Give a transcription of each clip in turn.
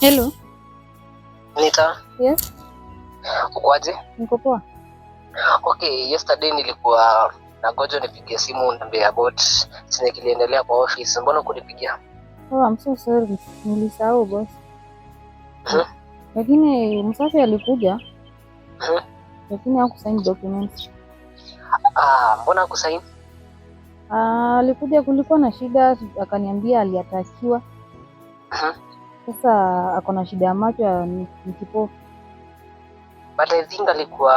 Hello. Nita. Yes. Ukoaje? Niko poa. Okay, yesterday nilikuwa nagoja nipigie simu niambie about chenye kiliendelea kwa office. Mbona kunipigia? Oh, I'm so sorry. Nilisahau boss. Hmm? Lakini msafi alikuja. Hmm? Lakini hakusaini documents. Ah, mbona hakusaini? Ah, alikuja, kulikuwa na shida, akaniambia aliatakiwa. Sasa ako na shida ya macho, ni kipofu. But I think alikuwa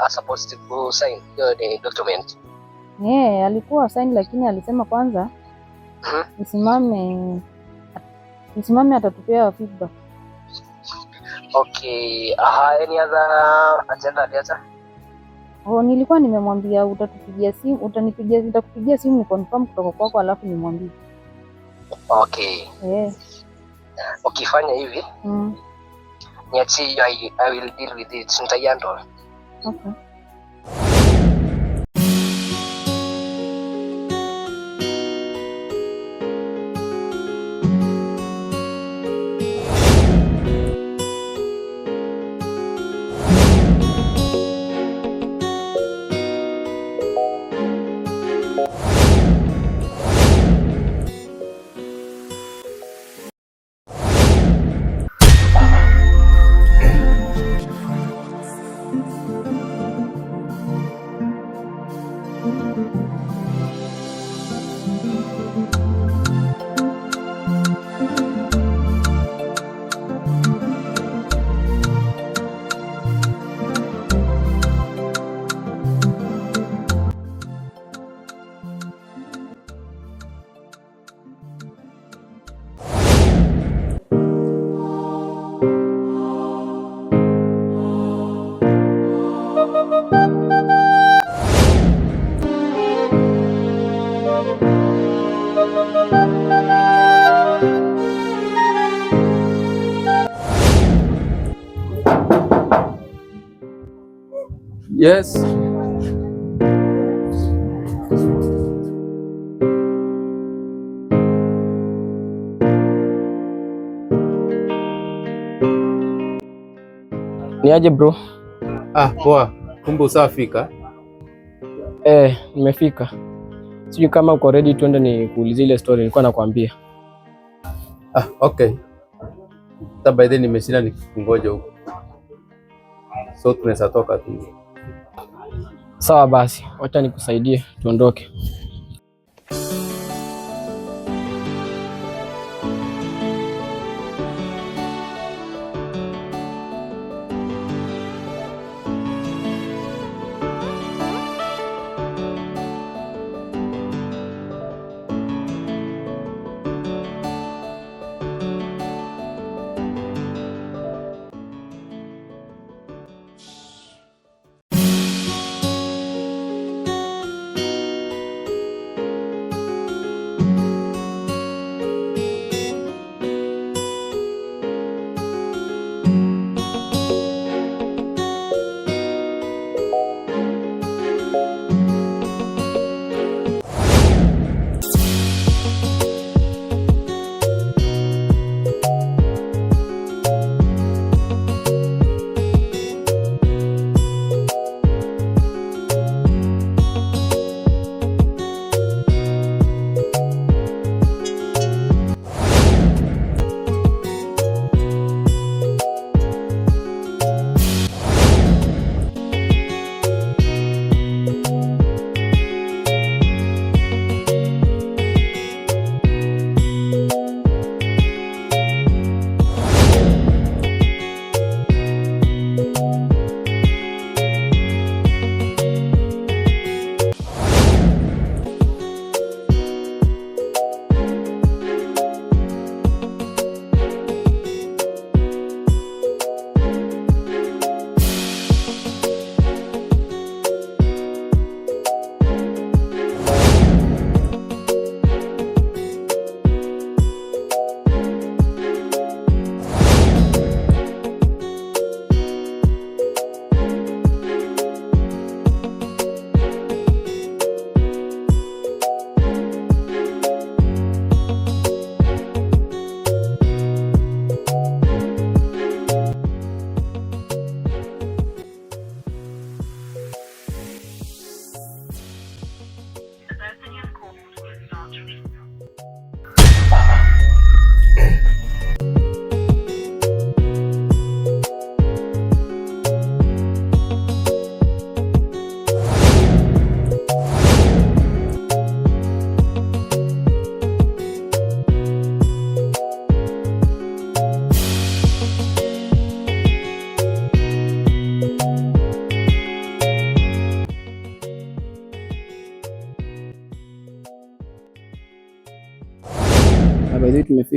uh, supposed to sign the document. Yeah, alikuwa sign lakini alisema kwanza mhm. nisimame nisimame atatupea feedback. Okay, aha, any other agenda aliacha? Kwa hiyo nilikuwa nimemwambia utatupigia simu, utanipigia, nitakupigia simu ni confirm kutoka kwako, alafu nimwambie. Okay. Yeah. Ukifanya hivi, mm. Niachie, I, I will deal with it. Nitaiandoa. Okay. Yes. Ni aje bro? Ah, poa. Kumbe usafika? Eh, nimefika. Sijui kama uko ready, tuende ni kuulizia ile story nilikuwa nakwambia. Ah, okay. By then nimeshinda nikungoja huko. So tunaweza toka tu. Sawa basi, wacha nikusaidie tuondoke.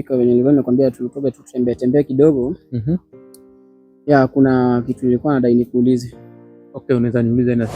nilipofika venye nilikuwa nimekwambia tulikuwa tutembea tembea kidogo. mm -hmm. Ya, kuna kitu nilikuwa nadai nikuulize. Okay, unaweza niulize na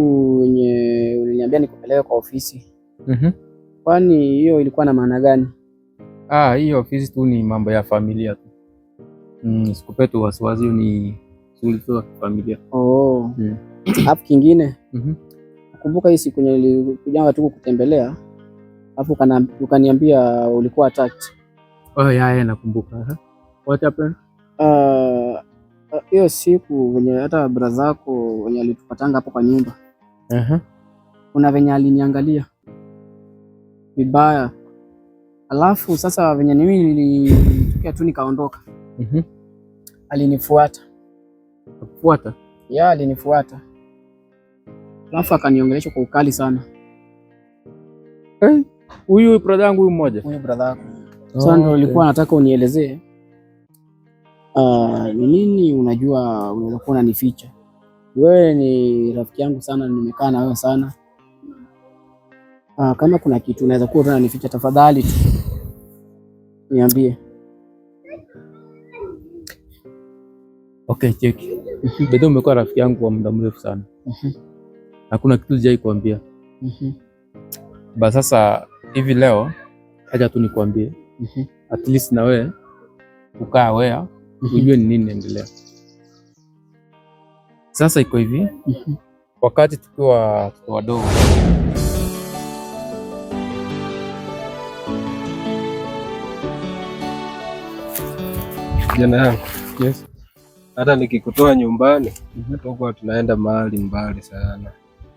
siku nye uliniambia nikupeleke kwa ofisi mm -hmm. Kwani hiyo ilikuwa na maana gani? Ah, hii ofisi tu ni mambo ya familia tu mm, sikupetu wasiwasi, ni shughuli tu ya familia. Oh. Mm. kingine mm -hmm. Kumbuka hii siku nye nilikujanga tu kukutembelea alafu ukaniambia ulikuwa attacked. Oh, ya ya nakumbuka. What happened? Ah, ah, hiyo siku wenye hata brazako zako wenye alitupatanga hapo kwa nyumba kuna venya venye aliniangalia vibaya, alafu sasa venye mimi nilitokea tu nikaondoka alinifuata kufuata ya alinifuata, alafu akaniongelesha kwa ukali sana. Eh, huyu hey, brother yangu huyu mmoja, huyu brother yako oh, sasa ndio ulikuwa nataka unielezee ah, ni uh, nini unajua, unaweza kuwa unanificha wewe ni rafiki yangu sana, nimekaa na wewe sana. Aa, ah, kama kuna kitu unaweza kuwa unanificha, tafadhali tu niambie. Okay, cheki bado umekuwa rafiki yangu kwa muda mrefu sana. Mhm. Hakuna kitu sijai kuambia. Mhm. Ba sasa hivi leo haja tu nikuambie, mhm. at least na wewe ukaa wea ujue ni nini endelea sasa iko hivi Wakati tukiwa tukiwa wadogo jana yangu yes. Hata nikikutoa nyumbani mm -hmm. tunaenda mahali mbali sana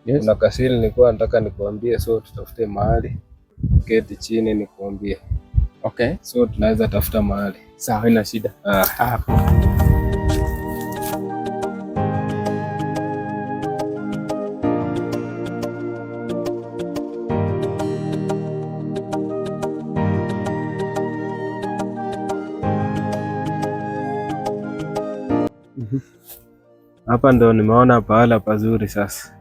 yes. Kuna kasiri nilikuwa nataka nikuambie, so tutafute mahali keti chini nikuambie. Okay. So tunaweza tafuta mahali sawa, ina shida ah. ah. Hapa ndo nimeona pahala pazuri sasa.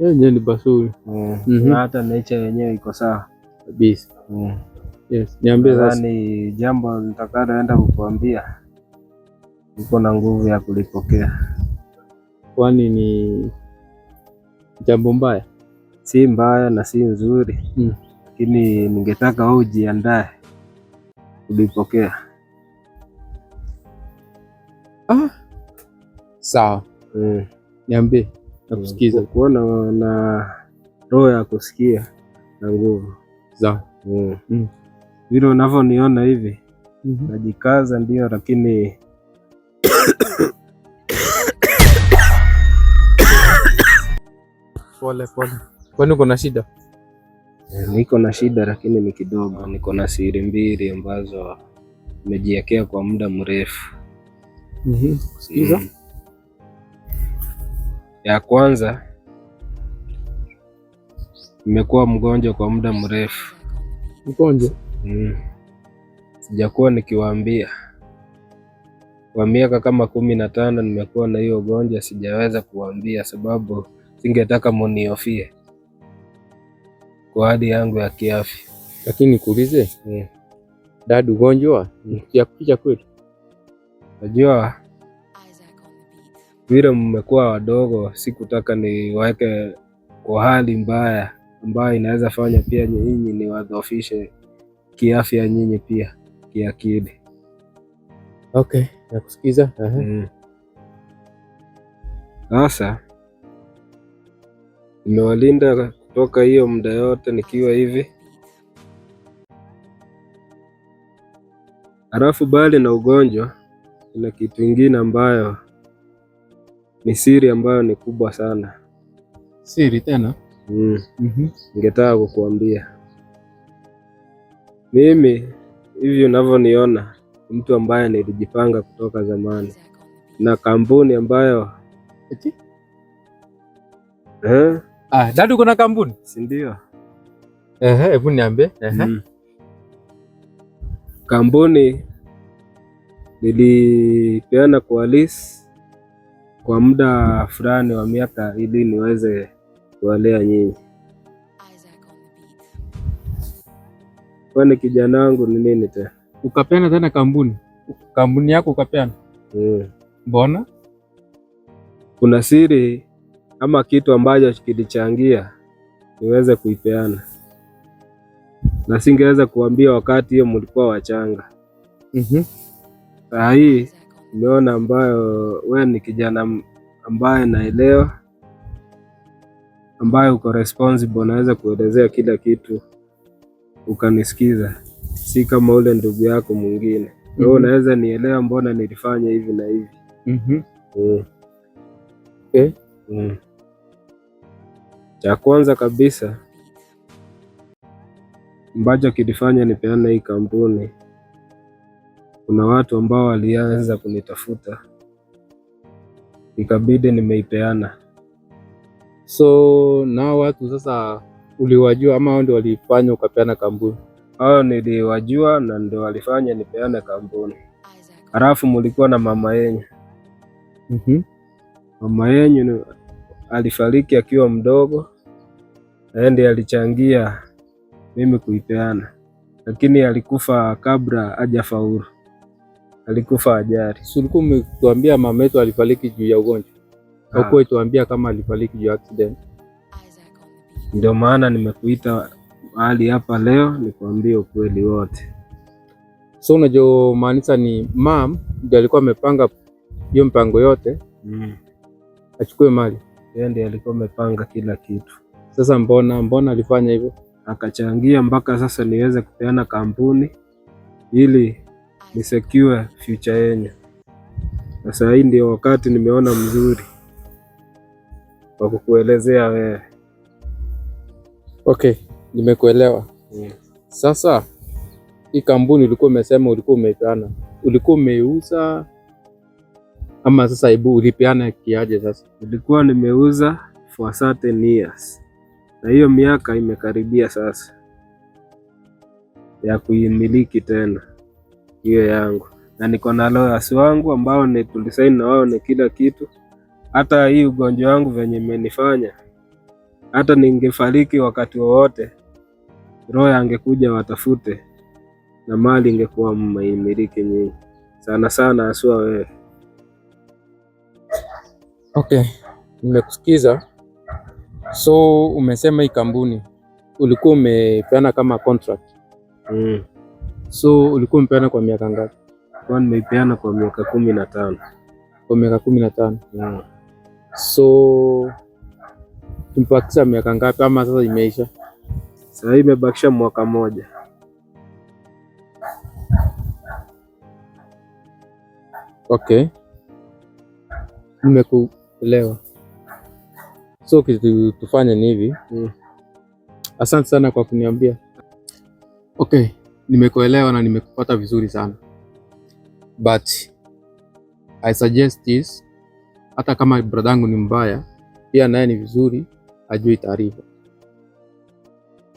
Yenyewe eh, ni pazuri mm. mm -hmm. na hata nature yenyewe iko sawa kabisa mm. Yes, niambie sasa. Ni jambo nitakaloenda kukuambia, uko na nguvu ya kulipokea. Kwani ni jambo mbaya? Si mbaya na si nzuri mm. Lakini ningetaka wewe ujiandae kulipokea ah. Sawa. Eh. Niambie, nakusikiza. Eh, kuona na roho ya kusikia na nguvu. Sawa. Eh. Mm. Vile unavyoniona hivi mhm. Najikaza ndio, lakini pole pole. Kwani uko na shida? Niko na shida lakini ni kidogo. Niko na siri mbili ambazo nimejiwekea kwa muda mrefu. Mhm. mm -hmm. Sikiza. Mm. Ya kwanza, nimekuwa mgonjwa kwa muda mrefu. Mgonjwa? Mm. Sijakuwa nikiwaambia kwa miaka kama kumi na tano nimekuwa na hiyo ugonjwa, sijaweza kuwaambia sababu singetaka muniofie kwa hali yangu ya kiafya. Lakini nikuulize, yeah. Mm. Dadu, ugonjwa ni kiakucha kwetu? Najua vile mmekuwa wadogo, sikutaka niwaweke kwa hali mbaya ambayo inaweza fanya pia nyinyi niwadhoofishe kiafya, nyinyi pia kiakili. Okay, nakusikiza. Mm. Sasa mm, nimewalinda kutoka hiyo muda yote nikiwa hivi, halafu bali na ugonjwa, kuna kitu ingine ambayo ni siri ambayo ni kubwa sana. Siri tena? Mm. Mm -hmm. Ningetaka kukuambia mimi, hivyo unavyoniona, mtu ambaye nilijipanga kutoka zamani na kampuni ambayo Eti? Eh? Ah, dadu kuna kampuni si ndio? Ehe, hebu niambie. Ehe. Mm. Kampuni nilipeana kwa kwa muda fulani wa miaka ili niweze kuwalea nyinyi. Kwani kijana wangu ni nini tena? Ukapeana tena kampuni kampuni yako ukapeana? Hmm. Mbona? Kuna siri ama kitu ambacho kilichangia niweze kuipeana, na singeweza kuambia wakati hiyo mlikuwa wachanga. mm -hmm. Saa hii umeona ambayo wewe ni kijana ambaye naelewa, ambaye uko responsible, naweza kuelezea kila kitu ukanisikiza, si kama ule ndugu yako mwingine. mm -hmm. Unaweza nielewa mbona nilifanya hivi na hivi. mm -hmm. mm. Eh? mm. Cha kwanza kabisa ambacho kilifanya nipeana hii kampuni kuna watu ambao walianza kunitafuta, ikabidi nimeipeana. So nao watu sasa uliwajua ama ndio walifanya ukapeana kampuni? Hao niliwajua na ndio walifanya nipeane kampuni. Halafu mulikuwa na mama yenyu. mm -hmm. Mama yenyu alifariki akiwa mdogo, ndiye alichangia mimi kuipeana, lakini alikufa kabla hajafaulu alikufa ajali. Si ulikuwa umetuambia mama yetu alifariki juu ya ugonjwa? Ah. Haukuwa tuambia kama alifariki juu ya accident. Ndio maana nimekuita hali hapa leo nikuambia ukweli wote. So unajomaanisha ni mam ndio alikuwa amepanga hiyo mpango yote mm. Achukue mali, yeye ndiye alikuwa amepanga kila kitu. Sasa mbona mbona alifanya hivyo? Akachangia mpaka sasa niweze kupeana kampuni ili ni secure future yenu. saa hii ndio wakati nimeona mzuri wa kukuelezea wewe. Okay, nimekuelewa yeah. Mm. Sasa hii kampuni ulikuwa umesema ulikuwa umepeana, ulikuwa umeuza ama sasa, ibu ulipeana kiaje? Sasa ulikuwa nimeuza for certain years, na hiyo miaka imekaribia sasa ya kuimiliki tena hiyo yangu, na niko na lawyers wangu ambao ni tulisaini na wao ni kila kitu. Hata hii ugonjwa wangu venye imenifanya, hata ningefariki wakati wowote, roho angekuja watafute, na mali ingekuwa mmaimiliki nyingi sana sana, asua wewe. Okay, nimekusikiza. So umesema hii kampuni ulikuwa umepeana kama contract. Mm. So ulikuwa umepeana kwa miaka ngapi? Nimeipeana kwa miaka kumi na tano. Kwa miaka kumi na tano. Yeah. So tumpakisha miaka ngapi ama sasa imeisha? Sasa hii imebakisha mwaka mmoja. Okay. Nimekuelewa. So kitu tufanye ni hivi. Mm. Asante sana kwa kuniambia. Okay nimekuelewa na nimekupata vizuri sana but I suggest this, hata kama bradangu ni mbaya pia naye ni vizuri ajui taarifa.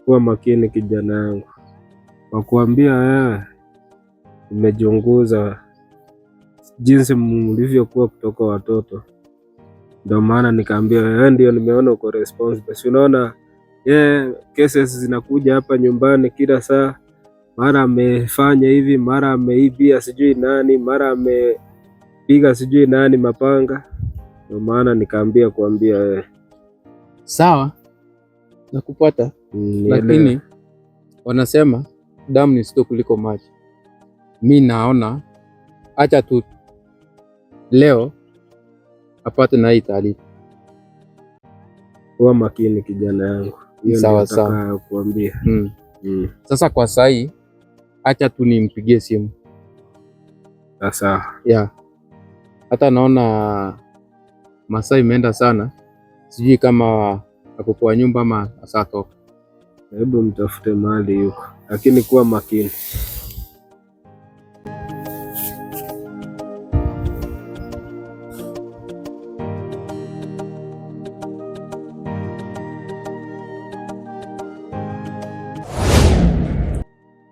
Kuwa makini kijana yangu, kwa kuambia wewe nimejunguza jinsi mlivyokuwa kutoka watoto, ndio maana nikaambia wewe eh, ndio nimeona uko responsible. Unaona yeye, yeah, cases zinakuja hapa nyumbani kila saa mara amefanya hivi, mara ameibia sijui nani, mara amepiga sijui nani mapanga. Ndio maana nikaambia kuambia wewe. Sawa, nakupata lakini wanasema damu ni sito kuliko maji. Mi naona acha tu leo apate na hii taarifa. Kuwa makini kijana yangu, hiyo nataka kuambia mm. Mm. Sasa kwa sahii acha tu nimpigie simu sasa. Yeah, hata naona masaa imeenda sana, sijui kama ako kwa nyumba ama asatoka. Hebu mtafute mahali yuko, lakini kuwa makini.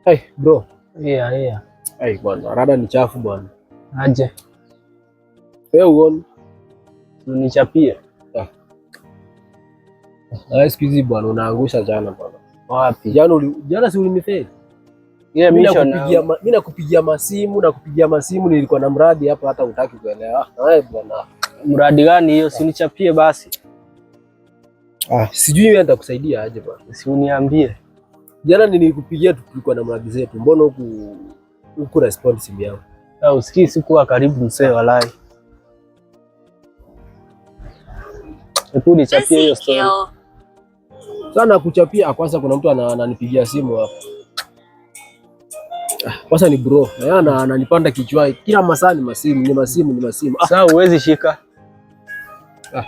Hey, bro. Yeah, yeah. Hey, bwana, rada ni chafu bwana. Aje. Wewe uone. Unichapie. Ah. ah. excuse me bwana, unaangusha jana bwana. Wapi? Jana uli jana si ulinifeli. Yeah, mimi nakupigia ma... mimi nakupigia masimu na kupigia masimu nilikuwa na mradi hapa hata utaki kuelewa. Ah, bwana. Mradi gani hiyo? Si unichapie basi. Ah, sijui nitakusaidia aje bwana. Si uniambie. Jana nilikupigia tulikuwa na mradi zetu, mbona huku huku respond simu yangu? Ah, usikii sikuwa karibu msee, walai. Hebu nichapie hiyo story. Sana kuchapia ah, kwanza, kuna mtu ananipigia simu hapa. Ah, kwanza ni bro, na ananipanda kichwani. Kila masaa ni masimu, ni masimu, ni masimu. Ah. Sasa huwezi shika. Ah.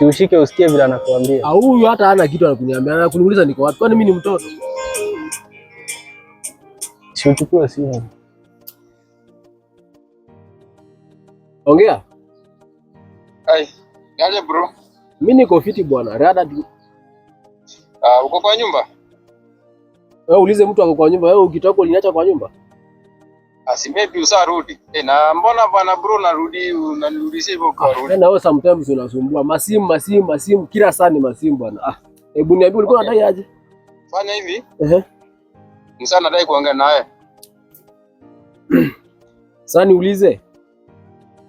Siushike usikie vile anakuambia. Au ah, huyu hata hana kitu anakuniambia. Anakuniuliza niko wapi? Kwani mimi ni mtoto? Si uchukue simu. Ongea. Hai, yaje bro? Mimi niko fiti bwana. Rada tu. Ah, uko kwa nyumba? Wewe uulize mtu ako kwa nyumba. Wewe ukitoka uliniacha kwa nyumba? Asi asimepi usarudi. E, na mbona bwana bro narudi unanirudisha hivyo kwa rudi. Ah, na wewe sometimes unasumbua. Masimu masimu masimu kila saa ni masimu bwana. Ah, hebu niambie ulikuwa okay. unadai aje? Fanya hivi. Ehe. Ni sana nadai kuongea na wewe. Sasa niulize.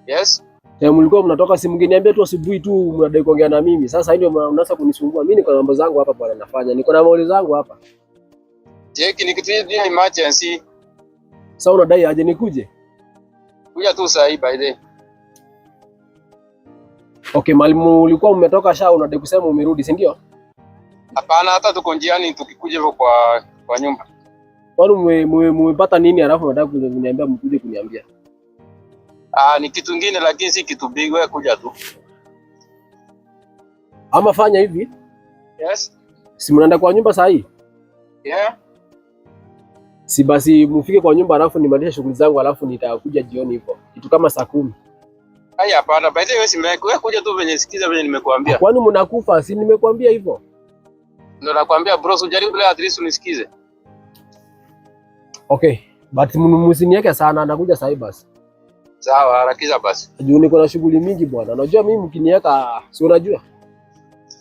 Yes. Eh, mlikuwa mnatoka simu ngeniambia tu asubuhi tu mnadai kuongea na mimi. Sasa hivi mnaanza kunisumbua. Mimi niko na mambo zangu hapa bwana nafanya. Niko na maulizo zangu hapa. Jeki ni emergency. Sasa unadai aje nikuje? Kuja tu sasa by the. Okay, mwalimu ulikuwa umetoka sha unadai kusema umerudi, si ndio? Hapana, hata tuko njiani tukikuja hivyo kwa kwa nyumba. Kwani mmepata nini alafu unataka kuniambia mkuje kuniambia? Ah, ni kitu kingine lakini si kitu big, wewe kuja tu. Ama fanya hivi. Yes. Si mnaenda kwa nyumba saa hii? Yeah si basi mfike kwa nyumba alafu nimalize shughuli zangu alafu nitakuja jioni hivyo kitu kama saa kumi. Haya, hapana, by the way, simlike wewe kuja tu venye sikiza venye nimekuambia. Kwani mnakufa? Si nimekuambia hivyo. Ndio nakwambia bro, usijaribu leo, at least unisikize. Okay, but msiniweke sana, nakuja sasa basi. Sawa, harakiza basi. Juu niko na shughuli mingi bwana. Unajua mimi mkiniweka si unajua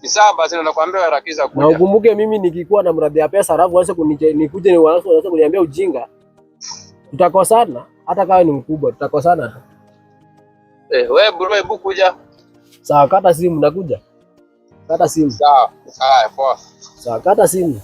ni saba zile nakwambia harakiza kuja. Na ukumbuke mimi nikikuwa na mradi ya pesa alafu waanze kunikuje nianze kuniambia ujinga. Tutakosana hata kama ni mkubwa tutakosana. Eh, wewe bro hebu kuja. Sawa, kata simu nakuja. Kata simu. Sawa. Haya, poa. Sawa, kata simu.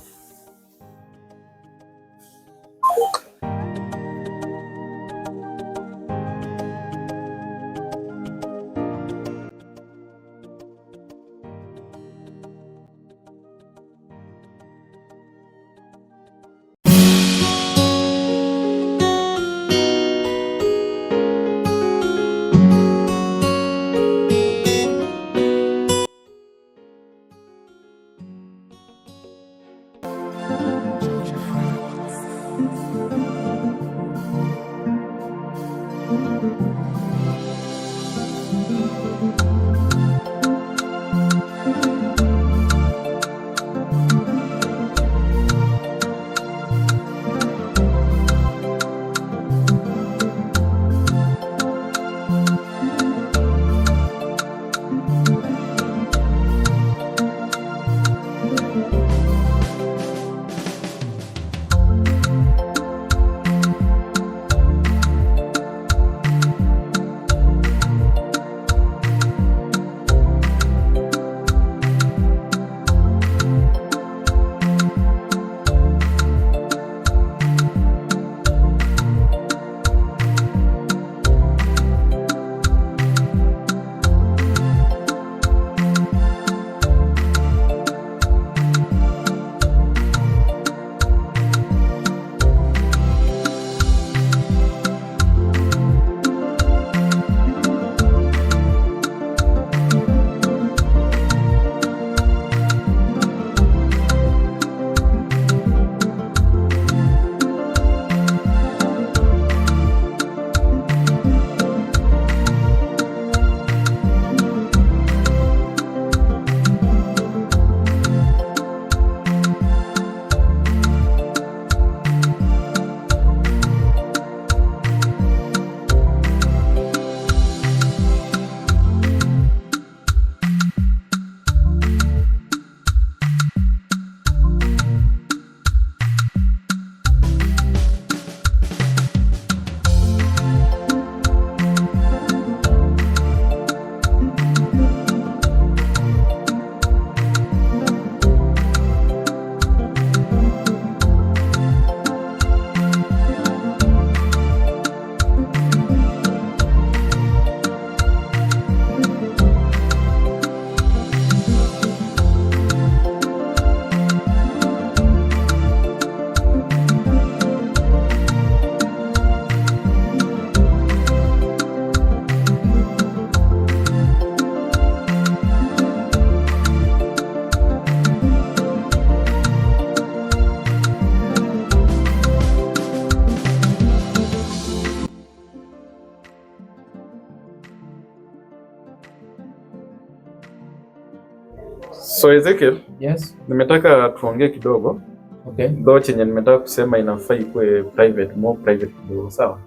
So Ezekiel, yes. Nimetaka tuongee kidogo okay. Though chenye nimetaka kusema inafaa ikuwe private, more private kidogo, sawa?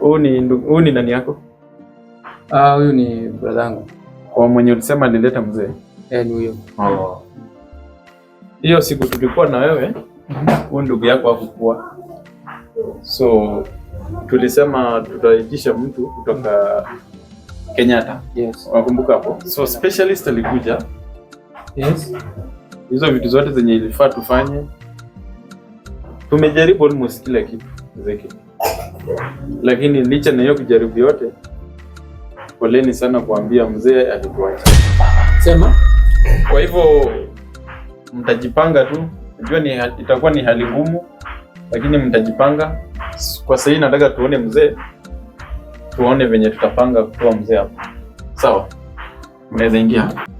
Huu ni huu ni nani yako? Ah, huyu ni brother yangu. Kwa mwenye ulisema nileta mzee? Eh, ni huyo. Oh. Hiyo siku tulikuwa na wewe mhm. huyu ndugu yako hakukuwa, so tulisema tutaitisha mtu kutoka Kenyatta. Yes. Wakumbuka hapo? So specialist alikuja Yes. Hizo vitu zote zenye ilifaa tufanye tumejaribu almost kila kitu Zeki, lakini licha na hiyo kujaribu yote, poleni sana kuambia mzee alikuacha. Sema kwa hivyo mtajipanga tu, najua ni itakuwa ni hali ngumu, lakini mtajipanga. Kwa sasa nataka tuone mzee, tuone venye tutapanga kutoa mzee hapo. Sawa, mnaweza ingia hapa.